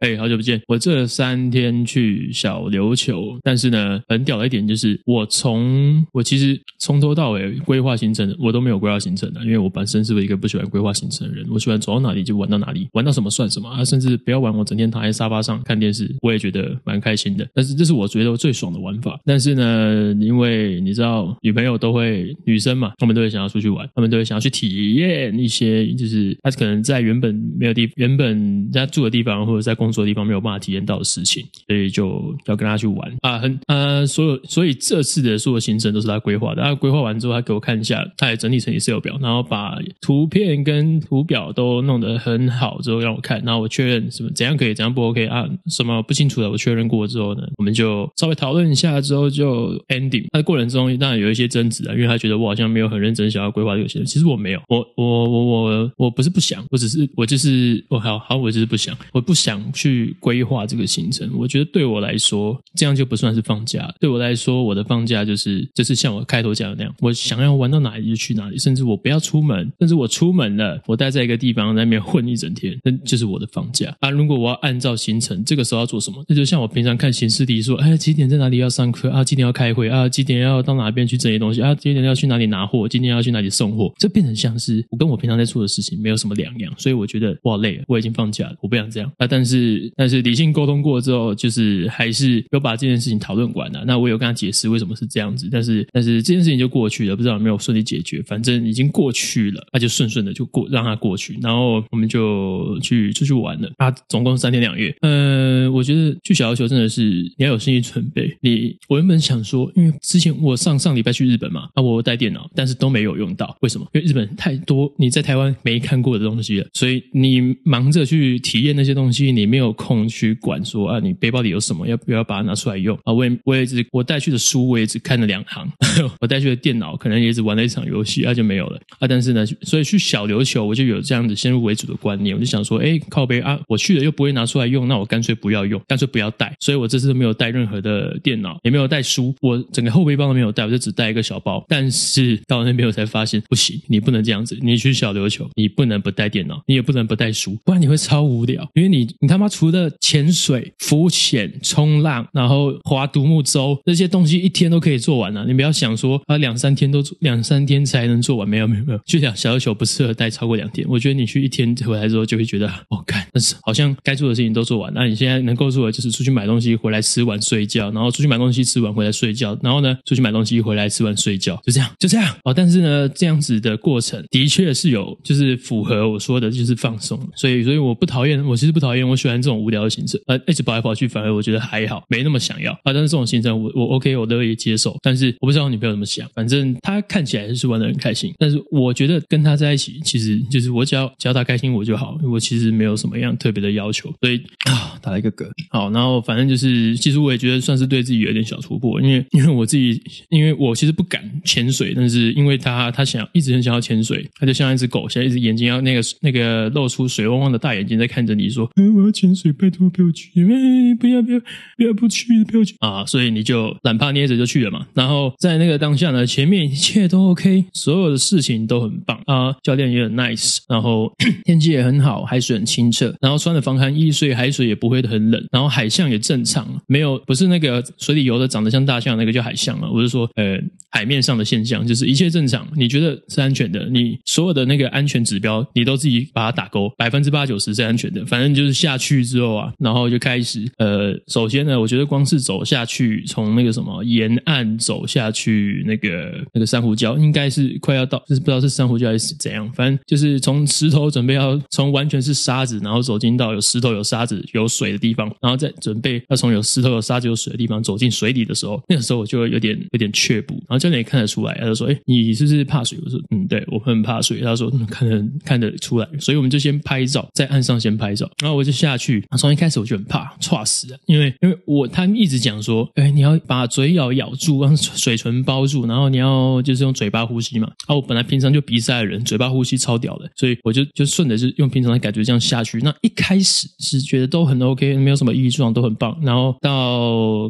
哎，hey, 好久不見！我這三天去小琉球，但是呢，很屌的一點就是，我從我其實從頭到尾規劃行程，我都沒有規劃行程的、啊，因為我本身是一個不喜歡規劃行程的人，我喜歡走到哪裡就玩到哪裡，玩到什麼算什麼啊，甚至不要玩，我整天躺在沙發上看電視，我也覺得蠻開心的。但是這是我覺得我最爽的玩法。但是呢，因為你知道，女朋友都會女生嘛，她們都會想要出去玩，她們都會想要去體驗一些，就是她可能在原本沒有地，原本在住的地方或者在公。工作的地方沒有辦法體驗到的事情，所以就要跟他去玩啊。很啊，所有所以這次的所有行程都是他規劃的。他規劃完之後，他給我看一下，他也整理成一個 Excel 表，然後把圖片跟圖表都弄得很好之後讓我看。然後我確認什麼怎樣可以，怎樣不 OK 啊，什麼不清楚的，我確認過之後呢，我們就稍微討論一下之後就 ending。他的過程中當然有一些爭執啊，因為他覺得我好像沒有很認真想要規劃這個行程，其實我沒有，我我我我我不是不想，我只是我就是我好好，我就是不想，我不想。去規劃這個行程，我覺得對我來說，這樣就不算是放假。對我來說，我的放假就是就是像我開頭講的那樣，我想要玩到哪裡就去哪裡，甚至我不要出門，甚至我出門了，我待在一個地方在那邊混一整天，那就是我的放假啊。如果我要按照行程，這個時候要做什麼？那就像我平常看行事曆說，哎，幾點在哪裡要上課啊？幾點要開會啊？幾點要到哪邊去整理東西啊？幾點要去哪裡拿貨？今天要去哪裡送貨？這變成像是我跟我平常在做的事情沒有什麼兩樣，所以我覺得我好累了，我已經放假了，我不想這樣啊。但是。但是理性溝通過之後，就是還是有把這件事情討論完的。那我有跟他解釋為什麼是這樣子，但是但是這件事情就過去了，不知道有沒有順利解決。反正已經過去了，那、啊、就順順的就過，讓它過去。然後我們就去出去玩了。啊，總共三天兩夜。嗯、呃，我覺得去小琉球真的是你要有心理準備。你我原本想說，因為之前我上上禮拜去日本嘛，啊，我帶電腦，但是都沒有用到。為什麼？因為日本太多你在台灣沒看過的東西了，所以你忙着去體驗那些東西，你沒。沒有空去管說啊，你背包裡有什麼？要不要把它拿出來用啊？我也我也只我帶去的書我也只看了兩行， 我帶去的電腦可能也只玩了一場遊戲啊，就沒有了啊。但是呢，所以去小琉球我就有這樣子先入為主的觀念，我就想說，哎，靠北啊，我去了又不會拿出來用，那我乾脆不要用，乾脆不要帶。所以我這次沒有帶任何的電腦，也沒有帶書，我整個後背包都沒有帶，我就只帶一個小包。但是到那邊我才發現，不行，你不能這樣子，你去小琉球你不能不帶電腦，你也不能不帶書，不然你會超無聊，因為你你他媽。除了潛水、浮潛、衝浪，然後划獨木舟，這些東西一天都可以做完了，啊。你不要想說啊，兩三天都做，兩三天才能做完，沒有沒有沒有，就像小琉球不適合待超過兩天。我覺得你去一天回來之後，就會覺得，我、哦、幹，但是好像該做的事情都做完。那、啊、你現在能夠做的就是出去買東西，回來吃完睡覺，然後出去買東西，吃完回來睡覺，然後呢，出去買東西，回來吃完睡覺，就這樣，就這樣哦。但是呢，這樣子的過程的確是有，就是符合我說的，就是放鬆。所以，所以我不討厭，我其實不討厭，我喜歡。這種無聊的行程，啊，一直跑來跑去，反而我覺得還好，沒那麼想要啊。但是這種行程我，我我 OK，我都可以接受。但是我不知道我女朋友怎麼想，反正她看起來就是玩的很開心。但是我覺得跟她在一起，其實就是我只要只要她開心，我就好。我其實沒有什麼樣特別的要求。所以啊，打了一個嗝。好，然後反正就是，其實我也覺得算是對自己有點小突破，因為因為我自己，因為我其實不敢潛水，但是因為他他想一直很想要潛水，他就像一只狗，現在一只眼睛要那個那個露出水汪汪的大眼睛在看着你說，我要潛水，拜託不要去，因、哎、為不要不要不要不去，不要去啊！所以你就懶趴捏着就去了嘛。然後在那個當下呢，前面一切都 OK，所有的事情都很棒啊。教練也很 nice，然後 天氣也很好，海水很清澈，然後穿了防寒衣所以海水也不會很冷，然後海象也正常，沒有不是那個水裡游的長得像大象那個叫海象嘛？我是說，呃。海面上的現象就是一切正常，你覺得是安全的，你所有的那個安全指標你都自己把它打勾，百分之八九十是安全的。反正就是下去之後啊，然後就開始呃，首先呢，我覺得光是走下去，從那個什麼沿岸走下去，那個那個珊瑚礁應該是快要到，就是不知道是珊瑚礁還是怎樣，反正就是從石頭準備要從完全是沙子，然後走進到有石頭、有沙子、有水的地方，然後再準備要從有石頭、有沙子、有水的地方，的地方走進水裡的時候，那個時候我就有點有點卻步，然後真的也看得出來，他就說：“哎、欸，你是不是怕水？”我說：“嗯，對，我很怕水。”他說：“可、嗯、能看，看得出來。”所以我們就先拍照，在岸上先拍照，然後我就下去。從一開始我就很怕，嚇死了，因為因為我他們一直講說：“哎、欸，你要把嘴咬咬住，讓嘴唇包住，然後你要就是用嘴巴呼吸嘛。”啊，我本來平常就鼻塞的人，嘴巴呼吸超屌的，所以我就就順着，就用平常的感覺這樣下去。那一開始是覺得都很 OK，沒有什麼異狀，都很棒。然後到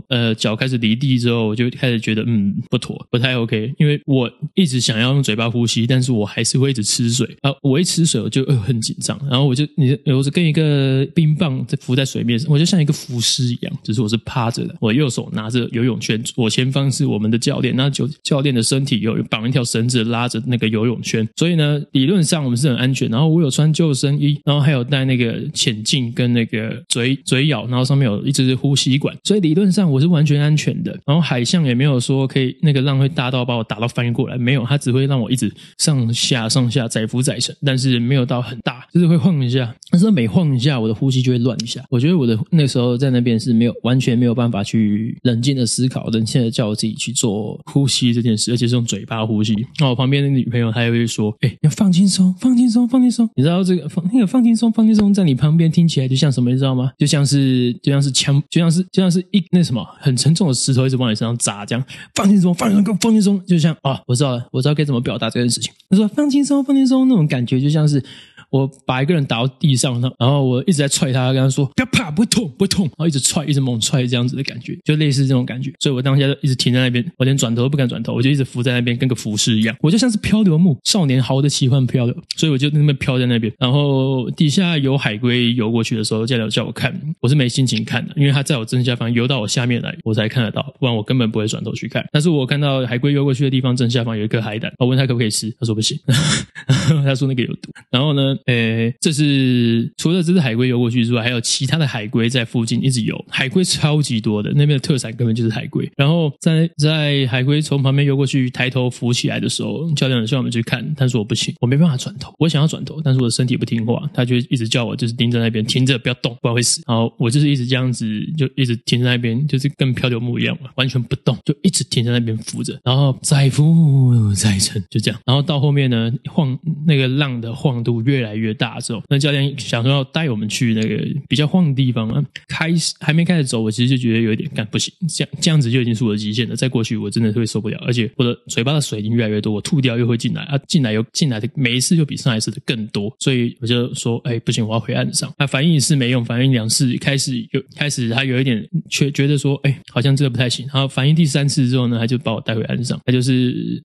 呃腳開始離地之後，我就開始覺得嗯不妥。不太 OK，因為我一直想要用嘴巴呼吸，但是我還是會一直吃水啊。我一吃水，我就、呃、很緊張，然後我就，你，我是跟一個冰棒在浮在水面上，我就像一個浮屍一樣。只是我是趴着的，我右手拿着游泳圈，我前方是我們的教練，那就教練的身體有綁一條繩子拉着那個游泳圈，所以呢，理論上我們是很安全。然後我有穿救生衣，然後還有戴那個潛鏡跟那個嘴嘴咬，然後上面有一支是呼吸管，所以理論上我是完全安全的。然後海象也沒有說可以那個浪費。大到把我打到翻過來，沒有，他只會讓我一直上下上下載浮載沉，但是沒有到很大。就是會晃一下，但是每晃一下，我的呼吸就會亂一下。我覺得我的那時候在那邊是沒有完全沒有辦法去冷靜的思考，冷靜的叫我自己去做呼吸這件事，而且是用嘴巴呼吸。那我旁邊的女朋友她也會說：“哎，要放輕鬆，放輕鬆，放輕鬆。”你知道這個放那個放輕鬆，放輕鬆，在你旁邊聽起來就像什麼，你知道嗎？就像是就像是槍，就像是就像是一那什麼很沉重的石頭一直往你身上砸這樣。放輕鬆，放輕鬆，放輕鬆，就像啊，我知道了，我知道該怎麼表達這件事情。她說：“放輕鬆，放輕鬆，那種感覺就像是。”我把一個人打到地上，然後我一直在踹他，跟他說不要怕，不痛，不痛，然後一直踹，一直猛踹，這樣子的感覺，就類似這種感覺。所以我當下就一直停在那邊，我連轉頭都不敢轉頭，我就一直浮在那邊，跟個浮屍一樣。我就像是漂流木少年好的奇幻漂流，所以我就那麼漂在那邊。然後底下有海龜游過去的時候，教練叫我看，我是沒心情看的，因為他在我正下方游到我下面來，我才看得到，不然我根本不會轉頭去看。但是我看到海龜游過去的地方正下方有一顆海膽，我、哦、問他可不可以吃，他說不行， 他說那個有毒。然後呢？誒，這是除了這隻海龜游過去之外，還有其他的海龜在附近一直游。海龜超級多的，那邊的特產根本就是海龜。然後在在海龜從旁邊游過去，抬頭浮起來的時候，教練很希望我們去看，但是我不行，我沒辦法轉頭。我想要轉頭，但是我的身體不聽話，他就一直叫我，就是盯著那邊，停着不要動，不然會死。然後我就是一直這樣子，就一直停在那邊，就是跟漂流木一樣嘛，完全不動，就一直停在那邊浮着，然後再浮再沉，就這樣。然後到後面呢，晃那個浪的晃度越來。越來越大之後，那教練想說要帶我們去那個比較晃的地方啊，開始還沒開始走，我其實就覺得有一點干不行，這樣這樣子就已經是我的極限了。再過去我真的是會受不了，而且我的嘴巴的水已經越來越多，我吐掉又會進來啊，進來又進來的，每一次就比上一次的更多。所以我就說，哎，不行，我要回岸上。那反應一次沒用，反應兩次開始有開始他有一點，覺覺得說，哎，好像這個不太行。然後反應第三次之後呢，他就把我帶回岸上，他就是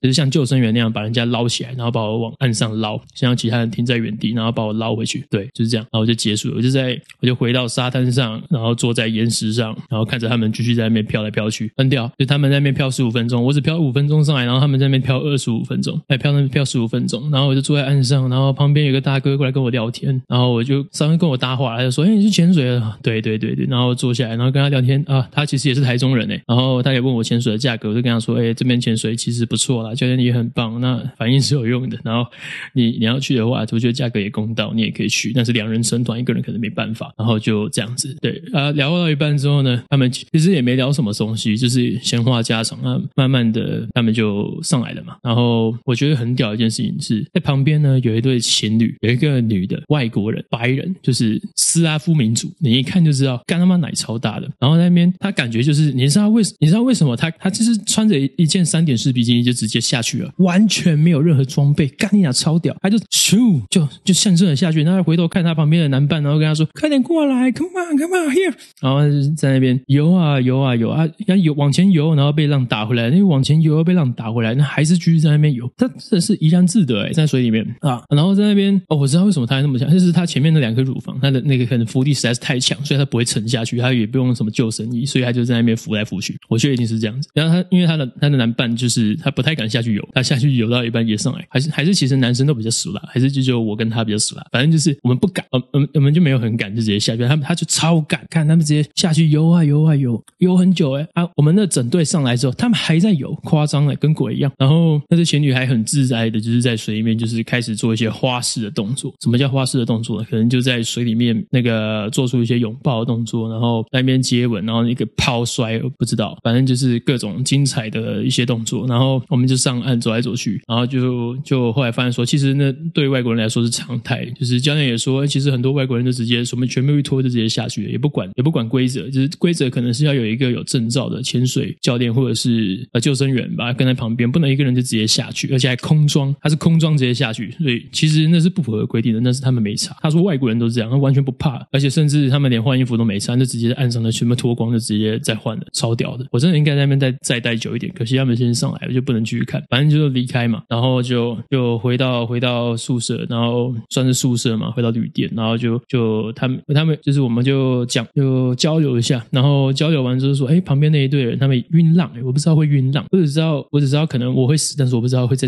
就是像救生員那樣把人家撈起來，然後把我往岸上撈，先讓其他人停在原地。然後把我撈回去，對，就是這樣，然後我就結束了。我就在，我就回到沙灘上，然後坐在岩石上，然後看着他們繼續在那邊飄來飄去。扔掉，就他們在那邊漂十五分鐘，我只漂五分鐘上來，然後他們在那邊漂二十五分鐘，哎，漂那邊漂十五分鐘，然後我就坐在岸上，然後旁邊有個大哥過來跟我聊天，然後我就稍微跟我搭話，他就說：“哎，你是潛水了？”對對對對，然後坐下來，然後跟他聊天啊，他其實也是台中人誒，然後他也問我潛水的價格，我就跟他說：“哎，這邊潛水其實不錯啦，教練也很棒，那反應是有用的。然後你你要去的話，我覺得價格。”公道，你也可以去，但是兩人成團，一個人可能沒辦法。然後就這樣子，對啊，聊到一半之後呢，他們其實也沒聊什麼東西，就是閒話家常啊，慢慢的他們就上來了嘛。然後我覺得很屌的一件事情是在旁邊呢，有一對情侶，有一個女的外國人，白人，就是斯拉夫民族，你一看就知道，幹他媽奶超大的。然後那邊他感覺就是，你知道為什？你知道為什麼他他就是穿着一件三點式比基尼就直接下去了，完全沒有任何裝備，幹呀，超屌，他就咻就就。就就象徵的下去，然後回頭看他旁邊的男伴，然後跟他說：“快點過來，Come on，Come on here。”然後他就在那邊游啊游啊游啊，然後游，啊，要游，往前游，然後被浪打回來。因為往前游又被浪打回來，那還是繼續在那邊游。他真的是怡然自得哎，在水裡面啊。然後在那邊哦，我知道為什麼他還那麼強，就是他前面那兩顆乳房，他的那個可能浮力實在是太強，所以他不會沉下去，他也不用什麼救生衣，所以他就在那邊浮來浮去。我覺得一定是這樣子。然後他因為他的他的男伴就是他不太敢下去游，他下去游到一半也上來，還是還是其實男生都比較熟吧，還是就就我跟他。比較爽，反正就是我們不敢，我我們我們就沒有很敢，就直接下去。他們他就超敢，看他們直接下去游啊游啊游，游很久哎、欸、啊！我們那整隊上來之後，他們還在游，誇張了，跟鬼一樣。然後那些情侶還很自在的，就是在水裡面就是開始做一些花式的動作。什麼叫花式的動作呢？可能就在水裡面那個做出一些擁抱的動作，然後那邊接吻，然後一個拋摔，我不知道，反正就是各種精彩的一些動作。然後我們就上岸走來走去，然後就就後來發現說，其實那對外國人來說是常。狀態就是教練也說，其實很多外國人就直接什麼全部一脫就直接下去了，也不管也不管規則，就是規則可能是要有一個有證照的潛水教練或者是呃救生員吧，跟在旁邊，不能一個人就直接下去，而且還空裝，他是空裝直接下去，所以其實那是不符合規定的，那是他們沒查。他說外國人都這樣，他完全不怕，而且甚至他們連換衣服都沒穿，就直接在岸上的全部脫光就直接再換了，超屌的。我真的應該在那邊再再待久一點，可惜他們先上來了，我就不能繼續看。反正就離開嘛，然後就就回到回到宿舍，然後，算是宿舍嘛，回到旅店，然後就就他們他們就是我們就講就交流一下，然後交流完之後說，哎，旁邊那一隊人他們暈浪、欸，我不知道會暈浪，我只知道我只知道可能我會死，但是我不知道會在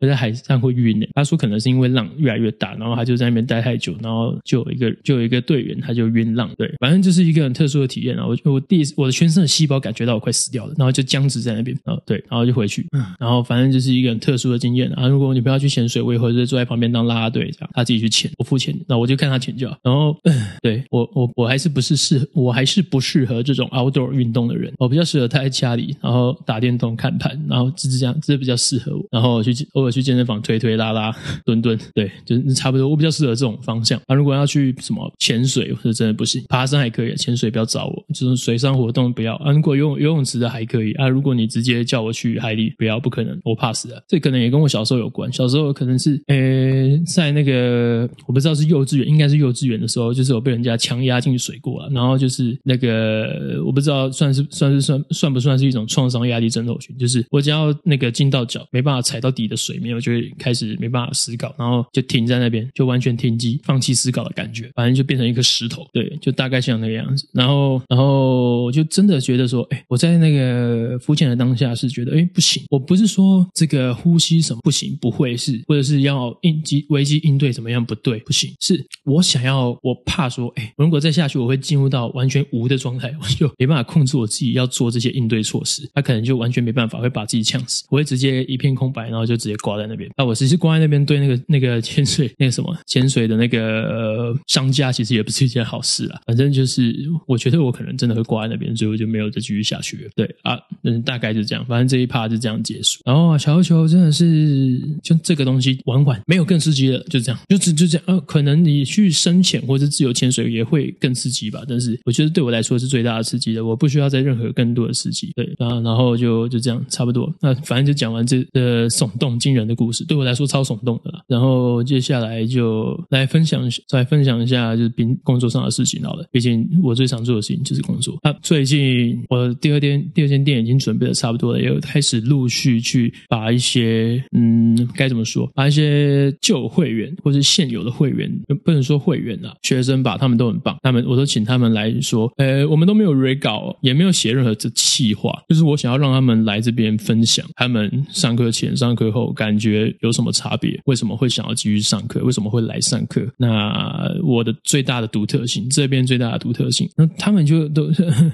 會在海上會暈、欸。他說可能是因為浪越來越大，然後他就在那邊待太久，然後就有一個就有一個隊員他就暈浪，對，反正就是一個很特殊的體驗啊。我我第一次我的全身的細胞感覺到我快死掉了，然後就僵直在那邊啊，對，然後就回去、嗯，然後反正就是一個很特殊的經驗啊。如果你不要去潛水，我也會就坐在旁邊當啦啦隊。他自己去潛，我付錢，那我就看他潛就好。然後，對我我我還是不是適合，我還是不適合這種 outdoor 運動的人。我比較適合待在家裡，然後打電動、看盤，然後只是這樣，這是比較適合我。然後去偶爾去健身房推推拉拉、蹲蹲，對，就是差不多。我比較適合這種方向。啊，如果要去什麼潛水，我是真的不行。爬山還可以，潛水不要找我，這種水上活動不要。啊，如果游泳游泳池的還可以啊。如果你直接叫我去海裡，不要，不可能，我怕死啊。這可能也跟我小時候有關。小時候可能是誒、欸，在那個。那個我不知道是幼稚園，應該是幼稚園的時候，就是我被人家強壓進去水過啊，然後就是那個我不知道算是算是算算不算是一種創傷壓力症候群，就是我只要那個進到腳，沒辦法踩到底的水面，我就會開始沒辦法思考，然後就停在那邊，就完全停機，放棄思考的感覺，反正就變成一個石頭，對，就大概像那個樣子。然後，然後就真的覺得說，哎，我在那個膚淺的當下是覺得，哎，不行，我不是說這個呼吸什麼不行，不會是，或者是要應急危機應。對，怎麼樣不對不行，是我想要，我怕說，哎、欸，如果再下去，我會進入到完全無的狀態，我就沒辦法控制我自己要做這些應對措施，他、啊、可能就完全沒辦法，會把自己嗆死，我會直接一片空白，然後就直接掛在那邊。那、啊、我其實掛在那邊對那個那個潛水那個什麼潛水的那個、呃、商家，其實也不是一件好事啊。反正就是我覺得我可能真的會掛在那邊，所以我就沒有再繼續下去了。對啊，嗯，大概就這樣，反正這一趴就這樣結束。然後小球真的是就這個東西，玩玩，沒有更刺激的，就這就只就這樣啊、哦，可能你去深潛或者自由潛水也會更刺激吧，但是我覺得對我來說是最大的刺激的，我不需要再任何更多的刺激。對，然、啊、後然後就就這樣，差不多。那、啊、反正就講完這呃聳動驚人的故事，對我來說超聳動的了。然後接下來就來分享，再分享一下就是工工作上的事情。好了，畢竟我最常做的事情就是工作。啊，最近我第二天第二間店已經準備的差不多了，也有開始陸續去把一些嗯該怎麼說，把一些舊會員。或是現有的會員不能說會員啦，學生吧，他們都很棒。他們我都請他們來說，呃、欸，我們都沒有稿，也沒有寫任何的計劃，就是我想要讓他們來這邊分享，他們上課前、上課後感覺有什麼差別，為什麼會想要繼續上課，為什麼會來上課？那我的最大的獨特性，這邊最大的獨特性，那他們就都呵呵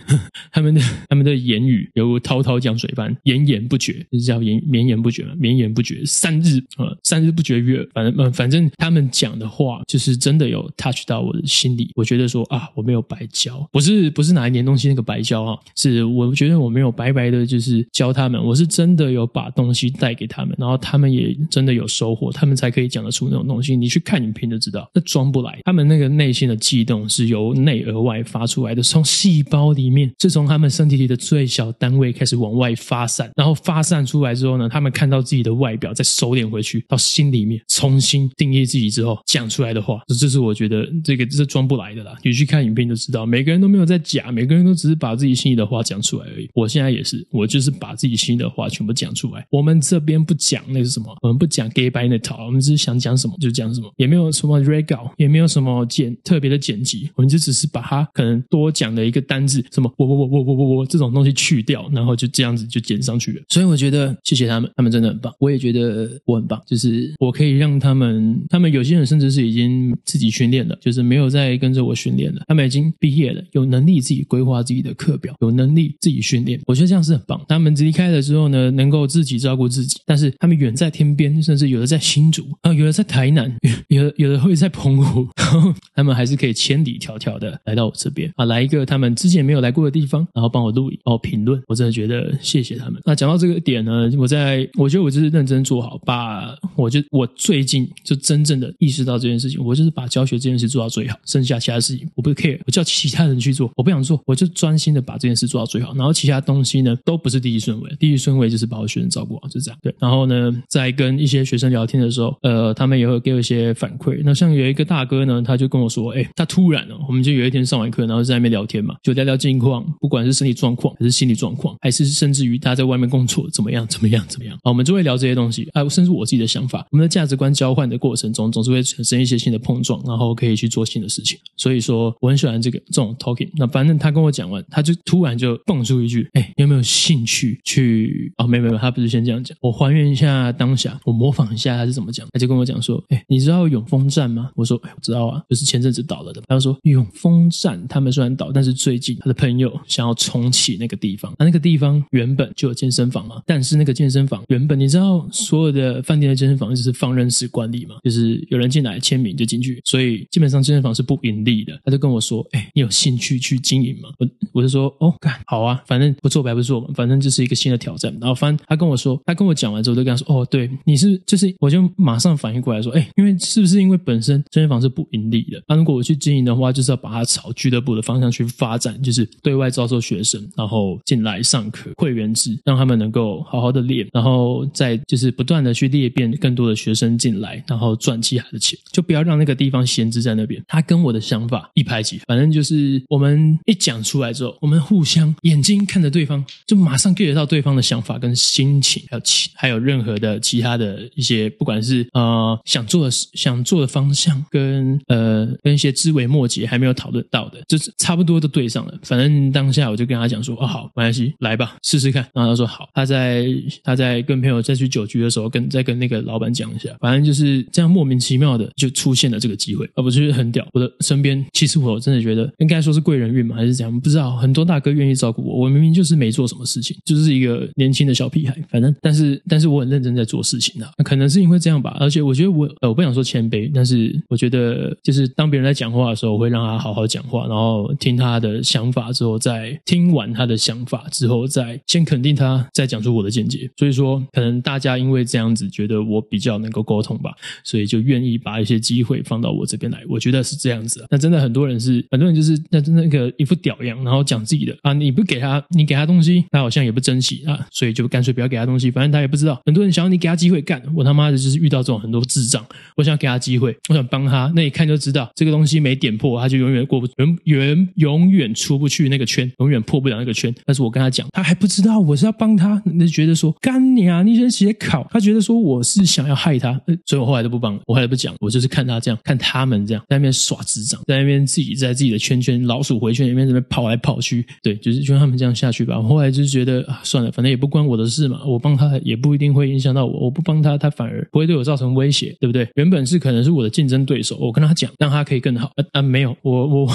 他們的他們的言語，猶如滔滔江水般綿延不絕，就是、叫綿綿延不絕嘛，綿延不絕，三日啊、嗯，三日不絕於耳，反正嗯，反正。呃反正他們講的話就是真的有 touch 到我的心裡，我覺得說啊，我沒有白教，不是不是哪一年東西那個白教啊，是我覺得我沒有白白的，就是教他們，我是真的有把東西帶給他們，然後他們也真的有收穫，他們才可以講得出那種東西。你去看影片就知道，那裝不來，他們那個內心的悸動是由內而外發出來的，從細胞裡面，是從他們身體裡的最小單位開始往外發散，然後發散出來之後呢，他們看到自己的外表再收斂回去，到心裡面重新定義。自己之後講出來的話，這、就是我覺得這個是裝不來的啦。你去看影片就知道，每個人都沒有在假，每個人都只是把自己心裡的話講出來而已。我現在也是，我就是把自己心裡的話全部講出來。我們這邊不講那個什麼，我們不講 gay ban 那套，我們只是想講什麼就講什麼，也沒有什麼 regal，也沒有什麼剪特別的剪輯，我們就只是把它可能多講的一個單字，什麼我我我我我我我這種東西去掉，然後就這樣子就剪上去了。所以我覺得謝謝他們，他們真的很棒，我也覺得我很棒，就是我可以讓他們。他們有些人甚至是已經自己訓練了，就是沒有再跟着我訓練了。他們已經畢業了，有能力自己規劃自己的課表，有能力自己訓練。我覺得這樣是很棒。他們離開了之後呢，能夠自己照顧自己。但是他們遠在天邊，甚至有的在新竹啊，有的在台南，有有的，有的會在澎湖呵呵。他們還是可以千里迢迢的來到我這邊啊，來一個他們之前沒有來過的地方，然後幫我錄影，幫我評論。我真的覺得謝謝他們。那講到這個點呢，我在我覺得我就是認真做好吧，把我就我最近就真。真正的意識到這件事情，我就是把教學這件事做到最好，剩下其他事情我不 care，我叫其他人去做，我不想做，我就專心的把這件事做到最好，然後其他東西呢都不是第一順位，第一順位就是把我學生照顧好，就這樣。對，然後呢，在跟一些學生聊天的時候，呃，他們也會給我一些反饋。那像有一個大哥呢，他就跟我說，欸，他突然哦，我們就有一天上完課，然後在那邊聊天嘛，就聊聊近況，不管是身體狀況還是心理狀況，還是甚至於他在外面工作怎麼樣怎麼樣怎麼樣啊，我們就會聊這些東西啊，甚至我自己的想法，我們的價值觀交換的過程。總總是會產生一些新的碰撞，然後可以去做新的事情。所以說我很喜歡這個這種 talking。那反正他跟我講完，他就突然就蹦出一句：“哎、欸，有沒有興趣去？”哦，沒有沒有，他不是先這樣講。我還原一下當下，我模仿一下他是怎麼講。他就跟我講說：“哎、欸，你知道永豐站嗎？”我說：“哎、欸，我知道啊，就是前陣子倒了的。”他說：“永豐站，他們雖然倒，但是最近他的朋友想要重啟那個地方。啊，那個地方原本就有健身房嘛，但是那個健身房原本你知道所有的飯店的健身房一直是放任式管理嘛，就是。”就是有人進來簽名就進去，所以基本上健身房是不盈利的。他就跟我說：“哎，你有興趣去經營嗎？”我我就說：“哦，幹，好啊，反正不做白不做嘛，反正就是一個新的挑戰。”然後，反正他跟我說，他跟我講完之後，就跟他說：“哦，對，你是，就是，我就馬上反應過來說，哎，因為是不是因為本身健身房是不盈利的？那如果我去經營的話，就是要把它朝俱樂部的方向去發展，就是對外招收學生，然後進來上課，會員制，讓他們能夠好好的練，然後再就是不斷的去裂變更多的學生進來，然後。”賺其他的錢，就不要讓那個地方閒置在那邊。他跟我的想法一拍即合，反正就是我們一講出來之後，我們互相眼睛看着對方，就馬上 get 到對方的想法跟心情，還有其還有任何的其他的一些，不管是呃想做的想做的方向，跟呃跟一些枝微末節還沒有討論到的，就是差不多都對上了。反正當下我就跟他講說：“哦，好，沒關係，來吧，試試看。”然後他說：“好，他在他在跟朋友再去酒局的時候，跟再跟那個老闆講一下。”反正就是這樣。莫名其妙的就出現了這個機會，啊，我覺得很屌。我的身邊其實我真的覺得應該說是貴人運嘛，還是怎樣？不知道，很多大哥願意照顧我，我明明就是沒做什麼事情，就是一個年輕的小屁孩。反正，但是但是我很認真在做事情啊，啊。可能是因為這樣吧。而且我覺得我呃，我不想說謙卑，但是我覺得就是當別人在講話的時候，我會讓他好好講話，然後聽他的想法之後，再聽完他的想法之後，再先肯定他，再講出我的見解。所以說，可能大家因為這樣子覺得我比較能夠溝通吧，所以。就願意把一些機會放到我這邊來，我覺得是這樣子啊。那真的很多人是，很多人就是那真的一個一副屌樣，然後講自己的啊。你不給他，你給他東西，他好像也不珍惜啊，所以就乾脆不要給他東西，反正他也不知道。很多人想要你給他機會幹，我他媽的就是遇到這種很多智障，我想要給他機會，我想幫他，那一看就知道這個東西沒點破，他就永遠過不，永遠，遠永遠出不去那個圈，永遠破不了那個圈。但是我跟他講，他還不知道我是要幫他，那覺得說幹你啊，你先寫考。他覺得說我是想要害他，呃，所以我後來都不幫。我後來不講，我就是看他這樣，看他們這樣，在那邊耍智障，在那邊自己在自己的圈圈老鼠回圈裡面，在那邊跑來跑去。對，就是就讓他們這樣下去吧。我後來就是覺得啊，算了，反正也不關我的事嘛。我幫他也不一定會影響到我，我不幫他，他反而不會對我造成威脅，對不對？原本是可能是我的競爭對手，我跟他講，讓他可以更好。啊，啊沒有，我我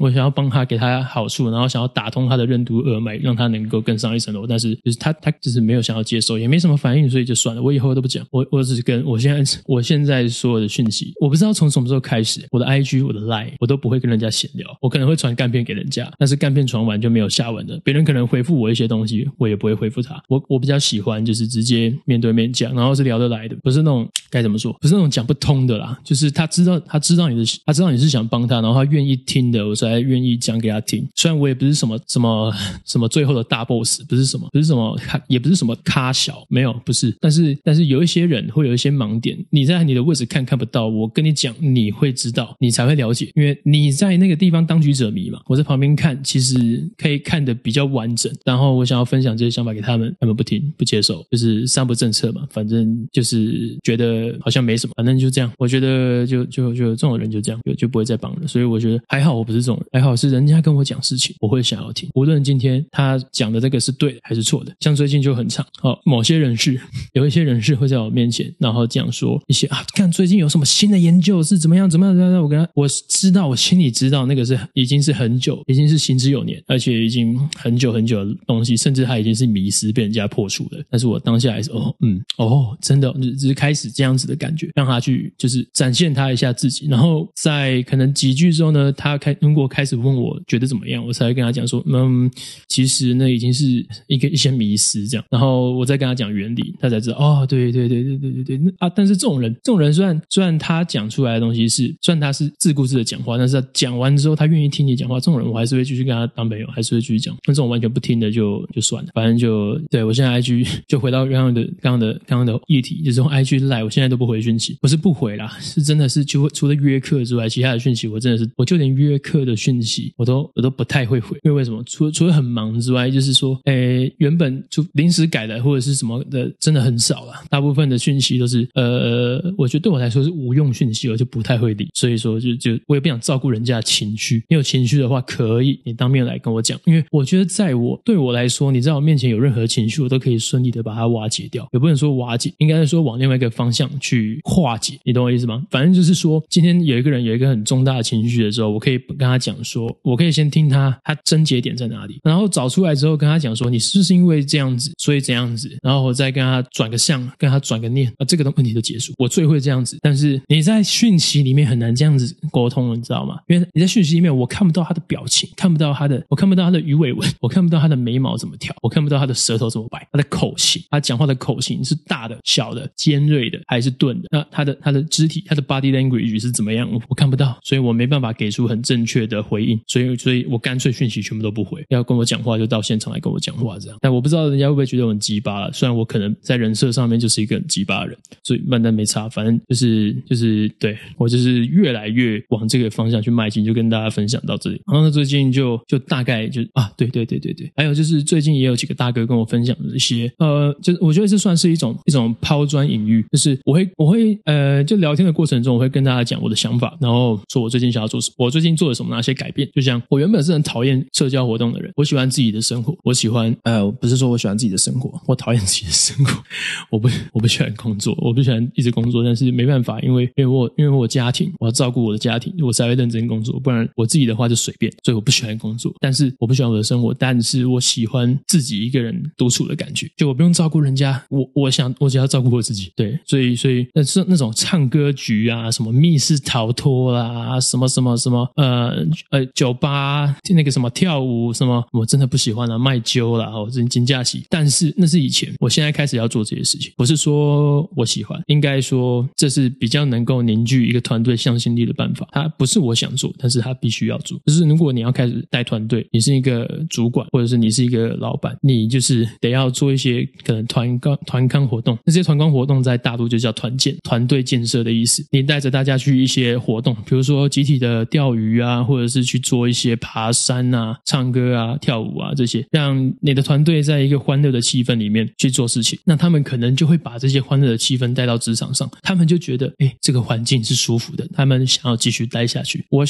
我想要幫他給他好處，然後想要打通他的任督二脈，讓他能夠更上一層樓。但是就是他他就是沒有想要接受，也沒什麼反應，所以就算了。我以後都不講，我我只是跟我現在我現在在所有的訊息，我不知道從什麼時候開始，我的 IG 我的 Line 我都不會跟人家閒聊，我可能會傳干片給人家，但是干片傳完就沒有下文了。別人可能回覆我一些東西，我也不會回覆他。我我比較喜歡就是直接面對面講，然後是聊得來的，不是那種該怎麼說，不是那種講不通的啦。就是他知道他知道你的他知道你是想幫他，然後他願意聽的，我才願意講給他聽。雖然我也不是什麼什麼什麼最後的大 boss，不是什麼不是什麼，也不是什麼咖小，沒有不是。但是但是有一些人會有一些盲點，你在你。的位置看看不到，我跟你講，你會知道，你才會了解，因為你在那個地方當局者迷嘛。我在旁邊看，其實可以看得比較完整。然後我想要分享這些想法給他們，他們不聽不接受，就是三不政策嘛。反正就是覺得好像沒什麼，反正就這樣。我覺得就就就，就這種人就這樣，就就不會再幫了。所以我覺得還好，我不是這種人，還好是人家跟我講事情，我會想要聽。無論今天他講的這個是對的還是錯的，像最近就很長。好、哦，某些人士有一些人士會在我面前，然後這樣說一些啊。看最近有什麼新的研究是怎麼樣？怎麼樣？怎麼樣？我跟他我知道，我心裡知道那個是已經是很久，已經是行之有年，而且已經很久很久的東西，甚至他已經是迷思被人家破除了。但是我當下還是哦，嗯，哦，真的，只、就是開始這樣子的感覺，讓他去就是展現他一下自己。然後在可能幾句之後呢，他開如果開始問我覺得怎麼樣，我才會跟他講說，嗯，其實呢已經是一個一些迷思這樣。然後我再跟他講原理，他才知道哦，對對對對對對對啊！但是這種人，這種。人雖然雖然他講出來的東西是，雖然他是自顧自的講話，但是他講完之後，他願意聽你講話。這種人，我還是會繼續跟他當朋友，還是會繼續講。但這種完全不聽的就，就就算了。反正就對我現在 IG 就回到剛剛的剛剛的剛剛的議題，就是從 IG 賴我現在都不回訊息。不是不回啦，是真的是就會除，除了約課之外，其他的訊息我真的是，我就連約課的訊息我都我都不太會回。因為為什麼？除除了很忙之外，就是說，哎、欸，原本就臨時改的或者是什麼的，真的很少了。大部分的訊息都是，呃呃，我。我覺得對我來說是無用訊息，我就不太會理。所以說，就就我也不想照顧人家的情緒。你有情緒的話，可以你當面來跟我講，因為我覺得在我對我來說，你在我面前有任何情緒，我都可以順利的把它瓦解掉。也不能說瓦解，應該是說往另外一個方向去化解。你懂我意思嗎？反正就是說，今天有一個人有一個很重大的情緒的時候，我可以跟他講說，我可以先聽他，他症結點在哪裡，然後找出來之後跟他講說，你是不是因為這樣子，所以這樣子，然後我再跟他轉個向，跟他轉個念，啊這個的問題就結束。我最會。會這樣子，但是你在訊息裡面很難這樣子溝通，你知道嗎？因為你在訊息裡面，我看不到他的表情，看不到他的，我看不到他的魚尾紋，我看不到他的眉毛怎麼跳，我看不到他的舌頭怎麼擺，他的口型，他講話的口型是大的、小的、尖銳的還是鈍的？那他的他的肢體，他的 body language 是怎麼樣？我，我看不到，所以我沒辦法給出很正確的回應，所以所以我乾脆訊息全部都不回，要跟我講話就到現場來跟我講話這樣。但我不知道人家會不會覺得我很雞巴了，雖然我可能在人設上面就是一個很雞巴的人，所以曼丹沒插翻。反就是就是對，我就是越來越往這個方向去邁進，就跟大家分享到這裡。然後呢，最近就就大概就啊，對對對對對，還有就是最近也有幾個大哥跟我分享了一些，呃，就是我覺得這算是一種一種拋磚引玉，就是我會我會呃，就聊天的過程中，我會跟大家講我的想法，然後說我最近想要做什麼，我最近做了什麼哪些改變。就像我原本是很討厭社交活動的人，我喜歡自己的生活，我喜歡呃，不是說我喜歡自己的生活，我討厭自己的生活，我不我不喜歡工作，我不喜歡一直工作，但是是沒辦法，因為因為我因為我家庭，我要照顧我的家庭，我才會認真工作。不然我自己的話就隨便，所以我不喜歡工作。但是我不喜歡我的生活，但是我喜歡自己一個人獨處的感覺，就我不用照顧人家，我我想我只要照顧我自己。對，所以所以那是那種唱歌局啊，什麼密室逃脫啦，什麼什麼什麼，呃呃酒吧那個什麼跳舞什麼，我真的不喜歡啊，賣酒啦或人金假喜。但是那是以前，我現在開始要做這些事情，不是說我喜歡，應該說。這是比較能夠凝聚一個團隊向心力的辦法。它不是我想做，但是它必須要做。就是如果你要開始帶團隊，你是一個主管，或者是你是一個老闆，你就是得要做一些可能團康團康活動。那這些團康活動在大陸就叫團建、團隊建設的意思。你帶着大家去一些活動，比如說集體的釣魚啊，或者是去做一些爬山啊、唱歌啊、跳舞啊這些，讓你的團隊在一個歡樂的氣氛裡面去做事情，那他們可能就會把這些歡樂的氣氛帶到職場上。他們就覺得，哎、欸，這個環境是舒服的，他們想要繼續待下去。我，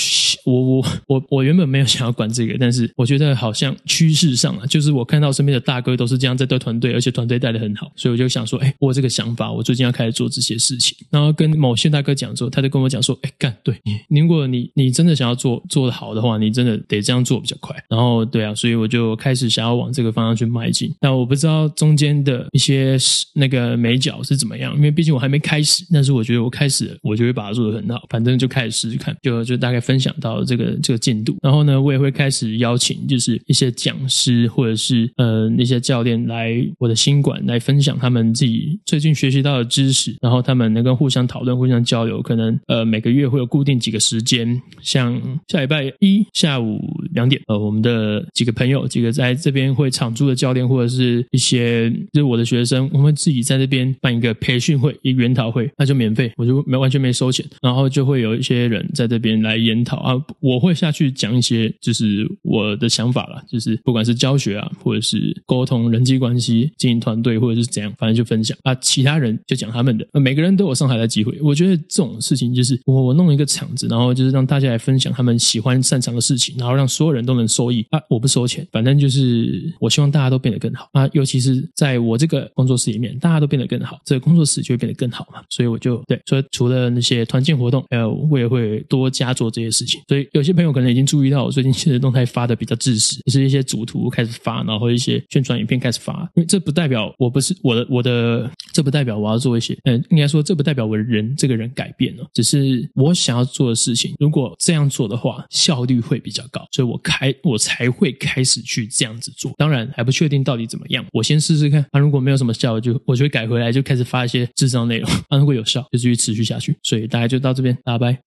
我，我，我，我原本沒有想要管這個，但是我覺得好像趨勢上啊，就是我看到身邊的大哥都是這樣在帶團隊，而且團隊帶得很好，所以我就想說，哎、欸，我這個想法，我最近要開始做這些事情。然後跟某些大哥講說，他就跟我講說，哎、欸，幹，對，你，如果你你真的想要做做得好的話，你真的得這樣做比較快。然後對啊，所以我就開始想要往這個方向去邁進。但我不知道中間的一些那個眉角是怎麼樣，因為畢竟我還沒開始。但是我覺得我開始了，我就會把它做得很好。反正就開始試試看，就就大概分享到這個這個進度。然後呢，我也會開始邀請，就是一些講師或者是呃那些教練來我的新館來分享他們自己最近學習到的知識。然後他們能夠互相討論、互相交流。可能呃每個月會有固定幾個時間，像下禮拜一下午兩點，呃，我們的幾個朋友、幾個在這邊會常駐的教練或者是一些就是我的學生，我們會自己在這邊辦一個培訓會、一個研討會。那就免費，我就沒完全沒收錢，然後就會有一些人在這邊來研討啊，我會下去講一些就是我的想法啦，就是不管是教學啊，或者是溝通、人際關係、經營團隊，或者是怎樣，反正就分享啊。其他人就講他們的，啊、每個人都有上台的機會。我覺得這種事情就是我弄一個場子，然後就是讓大家來分享他們喜歡擅長的事情，然後讓所有人都能受益啊。我不收錢，反正就是我希望大家都變得更好啊，尤其是在我這個工作室裡面，大家都變得更好，這個工作室就會變得更好嘛。所以。我就對，所以除了那些團建活動，還、呃、有我也會多加做這些事情。所以有些朋友可能已經注意到，我最近其實動態發的比較知識，就是一些主圖開始發，然後一些宣傳影片開始發。因為這不代表我不是我的我的，這不代表我要做一些。嗯、呃，應該說，這不代表我人這個人改變了，只是我想要做的事情，如果這樣做的話，效率會比較高。所以我開我才會開始去這樣子做。當然還不確定到底怎麼樣，我先試試看。啊，如果沒有什麼效果，就我就會改回來，就開始發一些智障內容。啊，如果有效，就繼續持續下去。所以大家就到這邊，拜拜。